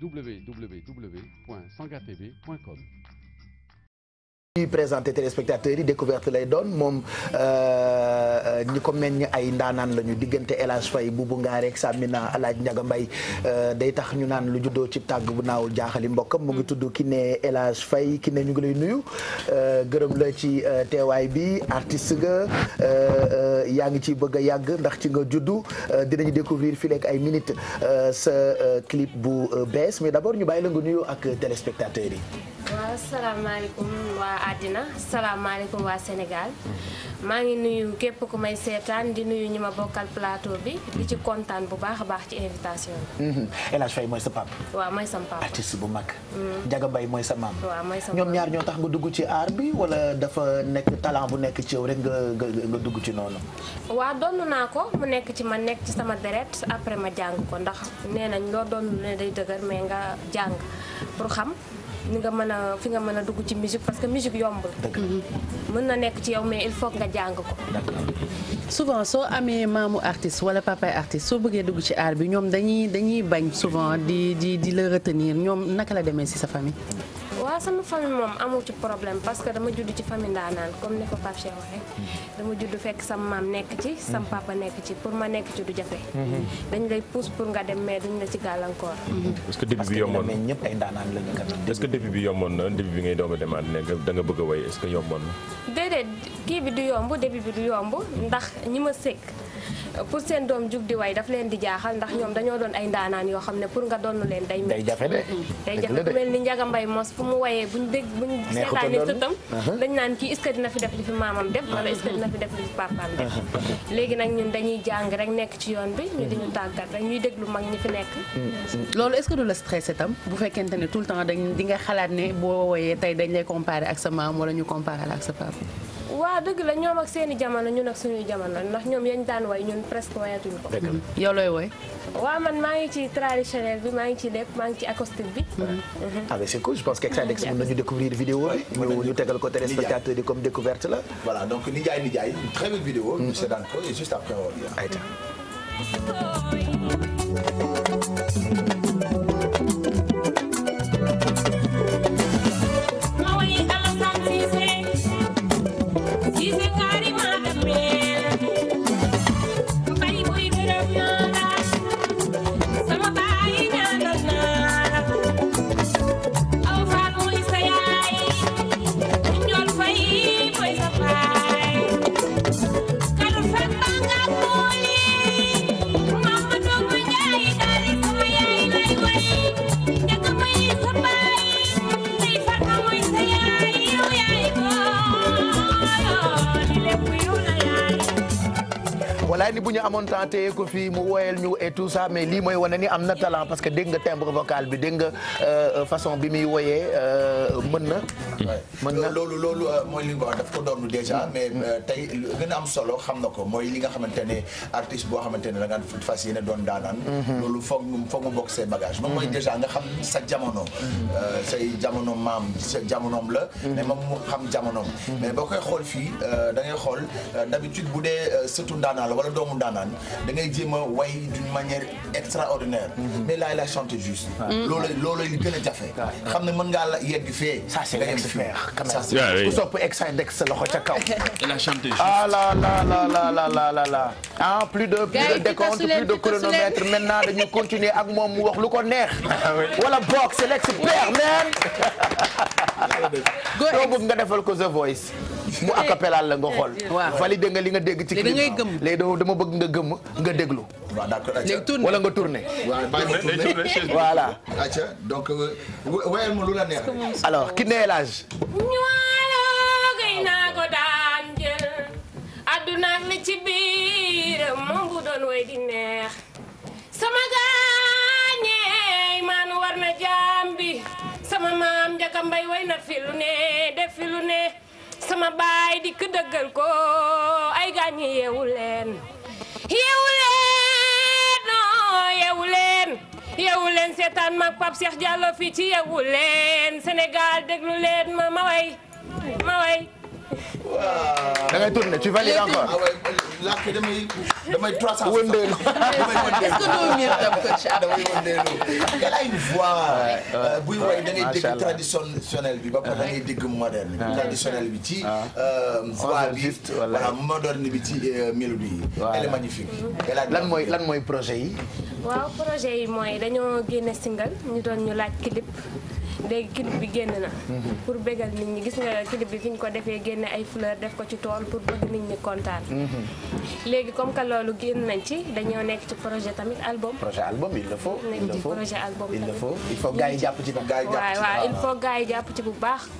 www.sangatv.com. ñuy présenté téléspectateurs yi découverte lay doon moom euh, ñi ko meññ ay ndaanaan lañu diggante El Hadj Faye Boubou Ngaare ak Samina El Hadj Ndiaga Mbaye euh, day tax ñu naan lu juddoo ci tàgg bu naawul jaaxali mbokkam mu ngi tudd ki ne El fay ki ne ñu ngi lay nuyu euh, gërëm la ci teewaay bi artiste nga yaa ngi ci bëgg a yàgg ndax ci nga juddu dinañu découvrir fii leeg ay minutes sa clip bu bees mais d'abord ñu bàyyi la nga nuyu ak téléspectateurs yi asalaamaaleykum waa àddina asalaamaaleykum waa Sénégal maa ngi nuyu képp ku may seetaan di nuyu ñu ma bokkal plateau bi di ci kontaan bu baax a baax ci invitation bi. Mhm. El Hadj Faye mooy sa papa. waaw mooy sama papa. artiste bu mag. Mhm. Ndiaga Mbaye mooy sa maam. waaw mooy sa maam ñoom ñaar ñoo tax nga dugg ci art bi wala dafa nekk talent bu nekk ci yow rek nga dugg ci noonu. waaw donn naa ko mu nekk ci ma nekk ci sama deret après ma jàng ko ndax nee nañ loo doon ne day dëgër mais nga jàng pour xam. ni nga mën a fi nga mën a dugg ci musique parce que musique yombul. mën na nekk ci yow mais il faut nga jàng ko. souvent soo amee maamu artiste wala papay artiste soo bëggee dugg ci art bi ñoom dañuy dañuy bañ souvent di di di la retenir ñoom naka la demee si sa famille. waa sama famille moom amul ci problème parce que dama judd ci famille ndaanaan comme ni ko Pape Cheikh mhm. dama judd fekk sama maam nekk ci sama mhm. papa nekk ci pour ma nekk ci du jafe. Mhm. dañ lay pousse pour nga dem mais duñ la ci gàllankoor. est-ce que début bi yomboon mais ñëpp ay ndaanaan bi yomboon na début bi ngay doog a demaat ne da nga bëgg a woy est-ce que yomboon na. déedéet kii bi du yomb début bi du yomb ndax ñi ma sekk. pour seen doom jug di way daf leen di jaaxal ndax ñoom dañoo doon ay ndaanaan yoo xam ne pour nga donn leen day day jafe de mm-hmm. day jafe ku mel ni Njaga Mbay mos fu mu wayee buñ dégg buñ seetaani sëtam uh-huh. dañ naan kii est-ce que dina fi def li fi maamam def wala uh-huh. léegi nag ñun dañuy jàng rek nekk ci yoon bi ñu diñu tàggat rek ñuy déglu mag ñi fi nekk mm-hmm. loolu est-ce que du la stressé tam bu fekkente ne tout le temps dañ di nga xalaat ne boo woyee tey dañ lay comparé ak sa maam wala ñu comparé ak sa papa waa dëgg la ñoom ak seeni jamono ñun ak suñuy jamono ndax ñoom yañ daan way ñun presque wayatuñ ko. dëgg la yow looy way. waaw man maa ngi ci traditionnel bi maa ngi ci lépp maa ngi ci acoustique bi. Mm-hmm. Mm-hmm. ah mais c'est cool je pense que Exadex mën nañu ñu tegal ko téléspectateurs yi comme découverte la. voilà donc Nijaay Nijaay une très belle vidéo. ñu seetaan ko et ñu amoon temps téye ko fii mu woyal ñu et tout ça mais lii mooy wane ni am na talent parce que dégg nga timbre vocal bi dégg nga euh, façon bi muy woyee euh, mën na. Euh, loolu loolu mooy li nga wax daf ko doon déjà mais tey gën a solo xam na ko mooy li nga xamante ne artiste boo xamante ne da nga fas yéene doon daanaan. Mhm. loolu foog mu foog mu bokk say bagage moom mooy mhm. déjà nga xam sa jamono. Mhm. say jamono maam sa jamonoom la. mais moom mu xam jamonoom. mais boo koy xool fii da ngay xool d'habitude bu dee surtout daanaan la wala doomu daanaan ndaanaan da ngay jéem a way d'une manière extraordinaire mhm. mais laay la chanter juste loolu loolu li gën a jafe xam ne mën ngaa la yegg fee c'est l'expert quand même ku sopp exay dex sa loxo ca kaw il a chanté juste ah la la la la la la la ah, plus de plus de décompte plus de chronomètre maintenant dañu continuer ak moom mu wax lu ko neex ah wala boog c'est l'expert soo bëgg nga defal ko The Voice mu eh. acapella la nga xool eh, eh, valide nga li nga dégg ci clip léegi dama bëgg nga gëmm nga déglu wala nga tourné voilà donc euh, wayal ma lu la neex alors ki ci biir mu ngi doon way di neex Mbay way na fi lu ne def sama baay dikk dëggal ko ay gaañi yeewu leen yeewu leen non oh, yeewu leen yeewu leen seetaan mag Pape fii ci yeewu leen Sénégal déglu leen ma ma way ma way da ngay tourner tu valides làkk damay damay trois cent. a une voix. Euh, buy bi ba pare da ngay bi. ci. Ah. Euh, voix bi voilà moderne bi ci euh, mélodie yi. lan mooy projet yi. waaw projet yi mooy dañoo génne single ñu doon ñu laaj clip. léegi clip bi génn na. Mhm. pour bégal nit ñi gis nga clip bi fi ñu ko defee génne ay fleur def ko ci tool pour bëgg nit ñi kontaan. Mhm. léegi comme que loolu génn nañ ci dañoo nekk ci projet tamit album. projet album il le faut il le faut il le faut yi jàpp ci bu baax.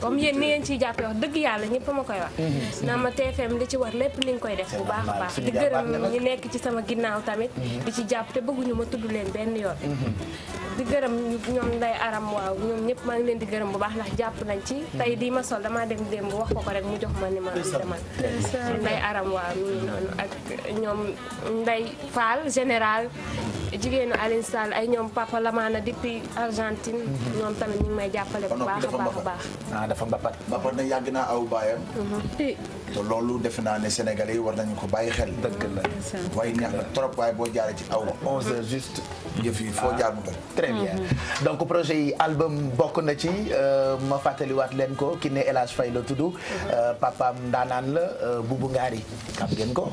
comme waaw il faut ci ngeen ciy jàppee wax dëgg yàlla ñëpp ma koy wax. na ma TFM li ci war lépp ni nga koy def bu baax baax. di gërëm ñu nekk ci sama ginnaaw tamit. Mhm. di ci jàpp te bëgguñu ma tudd leen benn yoon. di gërëm ñoom nday ñëpp maa ngi leen di gërëm bu baax ndax jàpp nañ ci tey di ma sol damaa dem démb wax ko ko rek mu jox ma ni ma demal nday aram waa mi noonu ak ñoom nday Fall général jigéenu Alioune Sall ay ñoom Papa Lamana depuis Argentine. ñoom tamit ñu may jàppale bu baax a baax a baax. ah dafa mbapat. mbapat na yàgg naa aw baayam. Mhm. te loolu defe naa ne Sénégalais yi war nañu ko bàyyi xel. dëgg la waaye neex na trop waaye boo jaaree ci aw. 11h juste. yëf yi foo ah, jaar mu doy. très bien mhm. donc projet yi album bokk na ci euh, ma fàttaliwaat leen ko ki ne El Hadj la tudd. Mhm. Euh, papaam ndaanaan la euh, Boubou Ngari xam ngeen ko.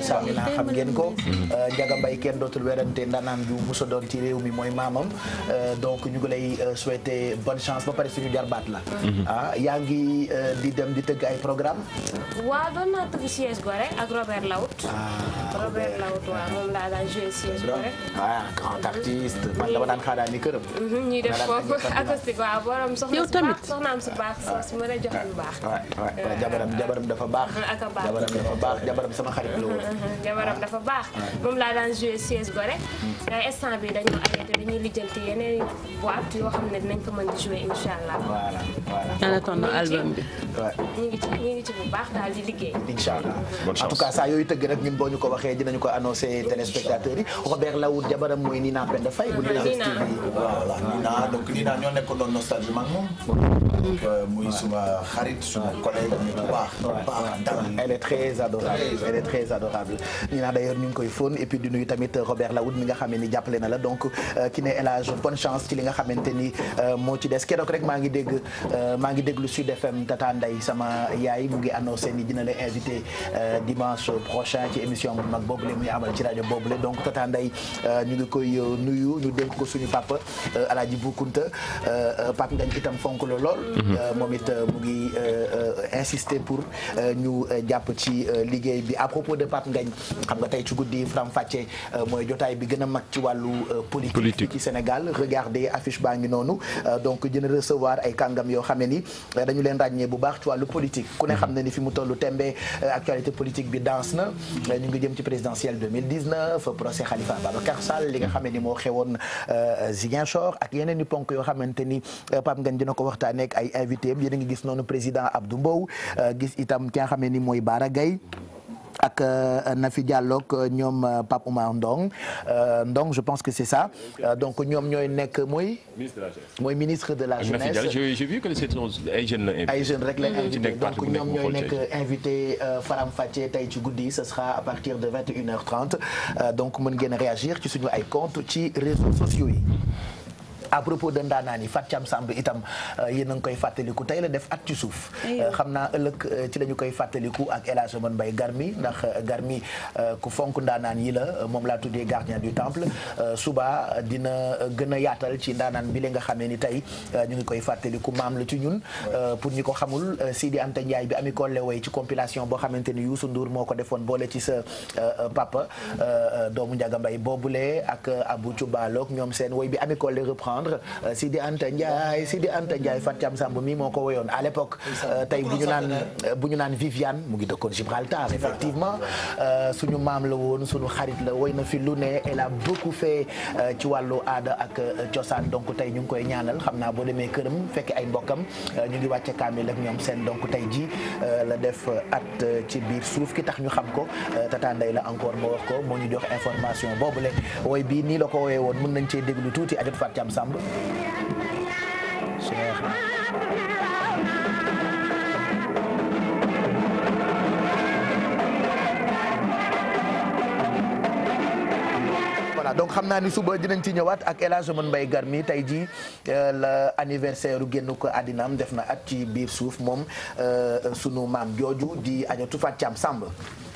Samina xam ngeen ko. n Mbaye kenn xamante ndaanaan yu musa doon ci réew mi mooy maamam euh, donc ñu ngi lay euh, souhaiter bonne chance ba pare suñu jarbaat la mhm. ah yaa ngi euh, di dem di tëgg ay programme waaw doon naa tëgg gore ak Robert Laut ah. Robert Laotoa moom laa daan joué siège bi rek. ah grand artiste. man dama daan xaaral ni këram. Mhm, ñuy def foofu acoustique waaw borom soxna su baax soxnaam su baax su mën a jox lu baax. Ah, ah, ah, dafa baax. a baax jabaram dafa baax sama xarit la woon. Mhm, mhm, jabaram dafa baax. moom laa daan joué siège bi rek. waaye mm. instant bi dañoo arrêté dañuy lijjanti yeneen boîte yoo xam ne dinañ ko mën di joué incha allah. voilà voilà. en attendant bi. ñu ngi ci bu baax daal di liggéey. incha mm. saa yooyu tëgg rek ñun boo ñu ko waxee dinañu ko annoncé téléspectateurs yi Robert Lawood jabaram mooy Nina Penda Faye bu Leewtoo TV voilà Nina donc Nina ñoo nekk doon nostalgie mag moom donc euh, muy suma xarit suma collègue ñu bu baax baax dal elle est très adorable elle est très adorable Nina d'ailleurs ñu ngi koy fóon et puis di nuyu tamit Robert Lawood mi nga xamee ni jàppale na la donc ki euh, ne El Hadj bonne ci li nga xamante ni euh, moo ci des keroog rek maa ngi dégg maa Sud FM Tata Ndeye sama yaay mu ngi annoncé ni dina la invité dimanche prochain ci émission bu mag boobule muy amal ci rajo boobule donc tata euh, ñu ngi koy euh, nuyu ñu dénk ko suñu papa euh, Alaaji Boukounta Pape Ngagne itam fonk la lool. Mhm. moom it mu ngi insister pour ñu jàpp ci liggéey bi à propos de Pape Ngagne xam nga tey ci guddi Faram Facce mooy jotaay bi gën a mag ci wàllu politique ci Sénégal regardez affiche baa ngi noonu donc dina recevoir ay kàngam yoo xam ni dañu leen ràññee bu baax ci wàllu politique ku ne mhm. xam ne ni fi mu tollu tembe actualité politique présidentielle 2019 procès Khalifa Babacar Sall li nga xam ne ni moo xewoon euh, Ziguinchor ak yeneen i ponk yoo xamante ni euh, Pape Ngagne dina ko waxtaanee ak ay invité am yéen a ngi gis noonu président Abdou Mbow euh, gis itam ki nga xam ne ni mooy Bara Gaye ak euh, Nafi Diallo ak euh, ñoom euh, Pape Oumar Ndong Ndong je pense que c'est ça donc ñoom ñooy nekk mooy. mooy ministre de la jeunesse ak Nafi Diallo j'ai vu que c'est ay jeunes la invité. ay jeunes rek la invité donc ñoom ñooy nekk invité Faram Facce tey ci guddi ce sera à partir de vingt et une heure trente donc mën ngeen réagir ci suñu ay compte ci réseaux sociaux yi. à propos de ndaanaan yi Fatou Thiam Samb itam euh, yéen a ngi koy fàttaliku tey la def at ci suuf euh, xam naa ëllëg euh, ci la ñu koy fàttaliku ak El Hadj Oman Garmi ndax Garmi ku fonk ndaanaan yi la moom laa tuddee gardien du temple suba dina gën a yaatal ci ndaanaan bi la nga xamee ni tey ñu ngi koy fàttaliku maam la ci ñun pour ñu ko xamul di Anta Ndiaye bi ami kolle way ci compilation boo xamante ni Youssou Ndour moo ko defoon boole ci sa papa doomu Ndiaga mbay boobule ak Abou Thioubaloog ñoom seen woy bi ami comprendre euh, Sidi Anta Ndiaye Sidi Anta Ndiaye Fatou Thiam Samb mi moo ko woyoon à l'époque euh, tey bu euh, naan Viviane mu ngi dëkkoon Gibraltar effectivement suñu maam la woon suñu xarit la woy na fi lu ne elle a beaucoup fait ci wàllu aada ak cosaan donc tey ñu ngi koy ñaanal xam naa boo demee këram fekk ay mbokkam ñu ngi wàcce kaamil ak ñoom seen donc tey ji la def at ci biir suuf ki tax ñu xam ko tata Ndeye la encore ma wax ko moo ñu jox information boobule woy bii nii la ko woyee woon mën nañ cee déglu tuuti ajot Fatou Thiam Samb donc xam naa ni suba dinañ ci ñëwaat ak El Hadj Oumar Mbaye Garmi tey jii euh, la anniversaire u génn ko àddinam def na at ci biir suuf moom euh, sunu maam jooju di ajotu Fatou Thiam Samb